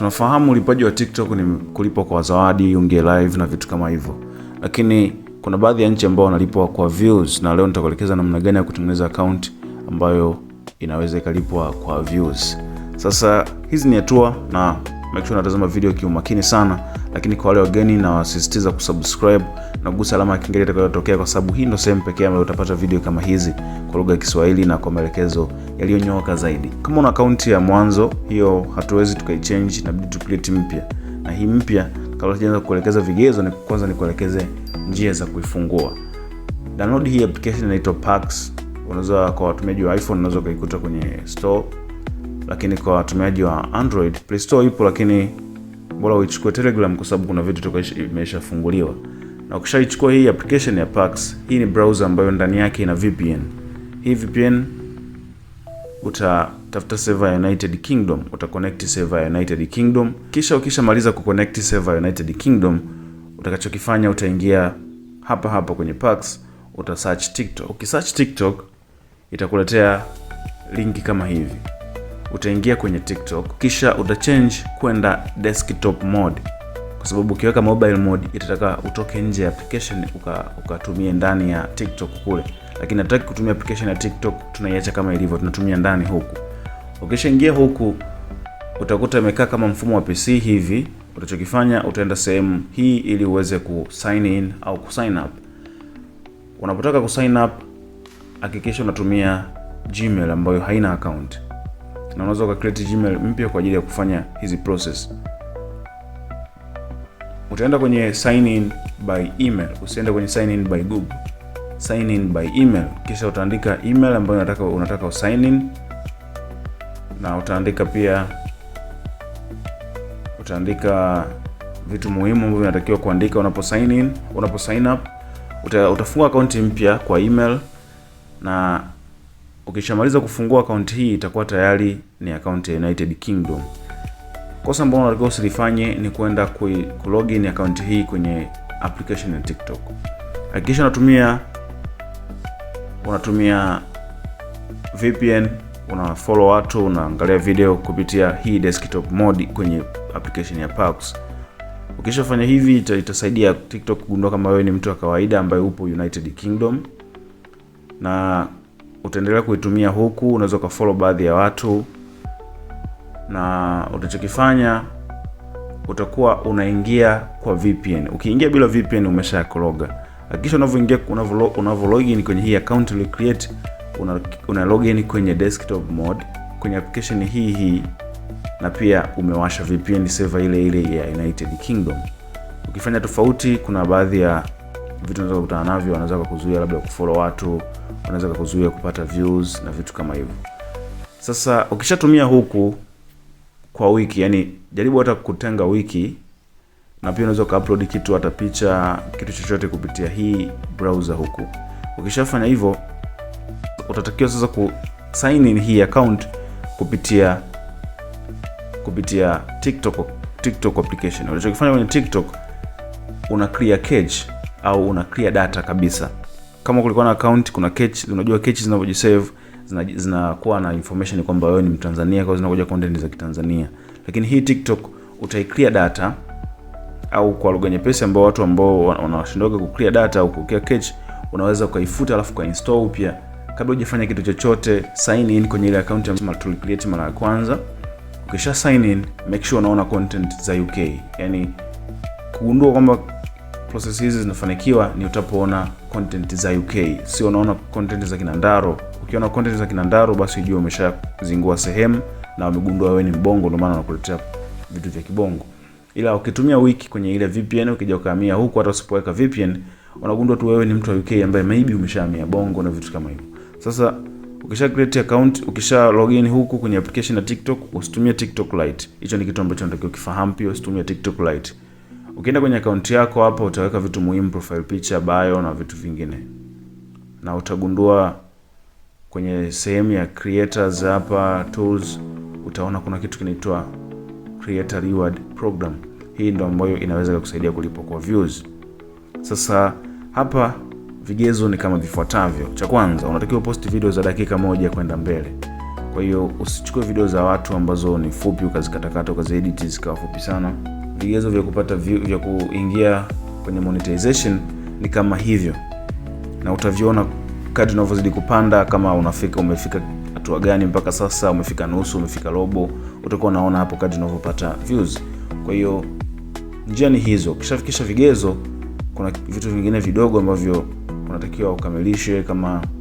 tunafahamu ulipaji wa TikTok ni kulipwa kwa zawadi, unge live na vitu kama hivyo, lakini kuna baadhi ya nchi ambao wanalipwa kwa views, na leo nitakuelekeza namna gani ya kutengeneza account ambayo inaweza ikalipwa kwa views. Sasa hizi ni hatua na make sure unatazama video kiumakini sana lakini kwa wale wageni nawasisitiza kusubscribe na kugusa alama ya kengele itakayotokea, kwa sababu hii ndio sehemu pekee ambayo utapata video kama hizi kwa lugha ya Kiswahili na kwa maelekezo yaliyonyooka zaidi. Kama una akaunti ya mwanzo, hiyo hatuwezi tukaichange, inabidi tu create mpya, na hii mpya, kabla sijaanza kuelekeza vigezo, ni kwanza nikuelekeze njia za kuifungua. Download hii application inaitwa Pax. Unaweza kwa watumiaji wa iPhone unaweza ukaikuta kwenye store, lakini kwa watumiaji wa Android Play Store ipo, lakini bora uichukue Telegram kwa sababu kuna vitu toka imeshafunguliwa. Na ukishaichukua hii application ya Pax, hii ni browser ambayo ndani yake ina VPN. Hii VPN utatafuta server ya United Kingdom, utaconnect server ya United Kingdom. Kisha ukishamaliza kuconnect server ya United Kingdom, utakachokifanya utaingia hapa hapa kwenye Pax, uta search TikTok. Ukisearch TikTok itakuletea linki kama hivi utaingia kwenye TikTok, kisha utachange kwenda desktop mode, kwa sababu ukiweka mobile mode itataka utoke nje ya application ukatumie uka ndani ya TikTok kule, lakini nataki kutumia application ya TikTok, tunaiacha kama ilivyo, tunatumia ndani huku. Ukishaingia huku utakuta imekaa kama mfumo wa PC hivi. Utachokifanya, utaenda sehemu hii ili uweze ku sign in au ku sign up. Unapotaka ku sign up, hakikisha unatumia Gmail ambayo haina account na unaweza ukacreate Gmail mpya kwa ajili ya kufanya hizi process. Utaenda kwenye sign in by email, usiende kwenye sign in by Google. Sign in by email, kisha utaandika email ambayo unataka unataka usign in, na utaandika pia utaandika vitu muhimu ambavyo unatakiwa kuandika unapo sign in, unapo sign up. Uta, utafunga akaunti mpya kwa email na Ukishamaliza kufungua akaunti hii itakuwa tayari ni akaunti ya United Kingdom. Kosa ambalo unatakiwa usilifanye ni kwenda login akaunti hii kwenye application ya TikTok. Hakikisha unatumia unatumia VPN, follow watu, unaangalia video kupitia hii desktop mode kwenye application ya Pax. Ukishafanya hivi itasaidia TikTok kugundua kama wewe ni mtu wa kawaida ambaye upo United Kingdom na utaendelea kuitumia huku, unaweza ukafollow baadhi ya watu, na utachokifanya utakuwa unaingia kwa VPN. Ukiingia bila VPN umeshakoroga. Hakikisha unavyoingia unavyo login kwenye hii account ile create, una, una login kwenye desktop mode kwenye application hii hii, na pia umewasha VPN server ile ile ya United Kingdom. Ukifanya tofauti, kuna baadhi ya vitu unaweza kukutana navyo, wanaweza kukuzuia labda kufollow watu wanaweza kukuzuia kupata views na vitu kama hivyo. Sasa ukishatumia huku kwa wiki, yani jaribu hata kutenga wiki, na pia unaweza kuupload kitu hata picha, kitu chochote kupitia hii browser huku. Ukishafanya hivyo, utatakiwa sasa ku sign in hii account kupitia kupitia TikTok TikTok application. Unachokifanya kwenye TikTok una clear cache au una clear data kabisa kama kulikuwa na account, kuna cache. Unajua cache zinavyojisave zinakuwa zina na information kwamba wewe ni Mtanzania, kwa zinakuja content za Kitanzania. Lakini hii TikTok utaiclear data au kwa lugha nyepesi, ambao watu ambao wanashindoka ku clear data au ku clear catch unaweza ukaifuta alafu ka install upya kabla hujafanya kitu chochote. Sign in kwenye ile account ambayo tuli create mara ya kwanza. Ukisha sign in, make sure unaona content za UK, yani kugundua kwamba process hizi zinafanikiwa ni utapoona content za UK, sio unaona content za Kinandaro. Ukiona content za Kinandaro, basi ujue umeshazingua sehemu na wamegundua wewe ni mbongo, ndio maana wanakuletea vitu vya kibongo. Ila ukitumia wiki kwenye ile VPN, ukija ukahamia huku, hata usipoweka VPN unagundua tu wewe ni mtu wa UK ambaye maybe umeshahamia bongo na vitu kama hivyo. Sasa ukisha create account, ukisha login huku kwenye application ya TikTok, usitumie TikTok Lite. Hicho ni kitu ambacho unatakiwa ukifahamu pia, usitumie TikTok Lite. Ukienda kwenye akaunti yako hapa utaweka vitu muhimu, profile picture, bio na vitu vingine, na utagundua kwenye sehemu ya creators hapa tools, utaona kuna kitu kinaitwa creator reward program. Hii ndio ambayo inaweza kukusaidia kulipwa kwa views. Sasa hapa vigezo ni kama vifuatavyo. Cha kwanza, unatakiwa post video za dakika moja kwenda mbele. Kwa hiyo usichukue video za watu ambazo ni fupi ukazikatakata ukaziediti zikawa fupi sana vigezo vya kupata view, vya kuingia kwenye monetization ni kama hivyo, na utaviona kadri unavyozidi kupanda, kama unafika umefika hatua gani mpaka sasa, umefika nusu, umefika robo, utakuwa unaona hapo kadri unavyopata views. Kwa hiyo njia ni hizo. Ukishafikisha vigezo, kuna vitu vingine vidogo ambavyo unatakiwa ukamilishe kama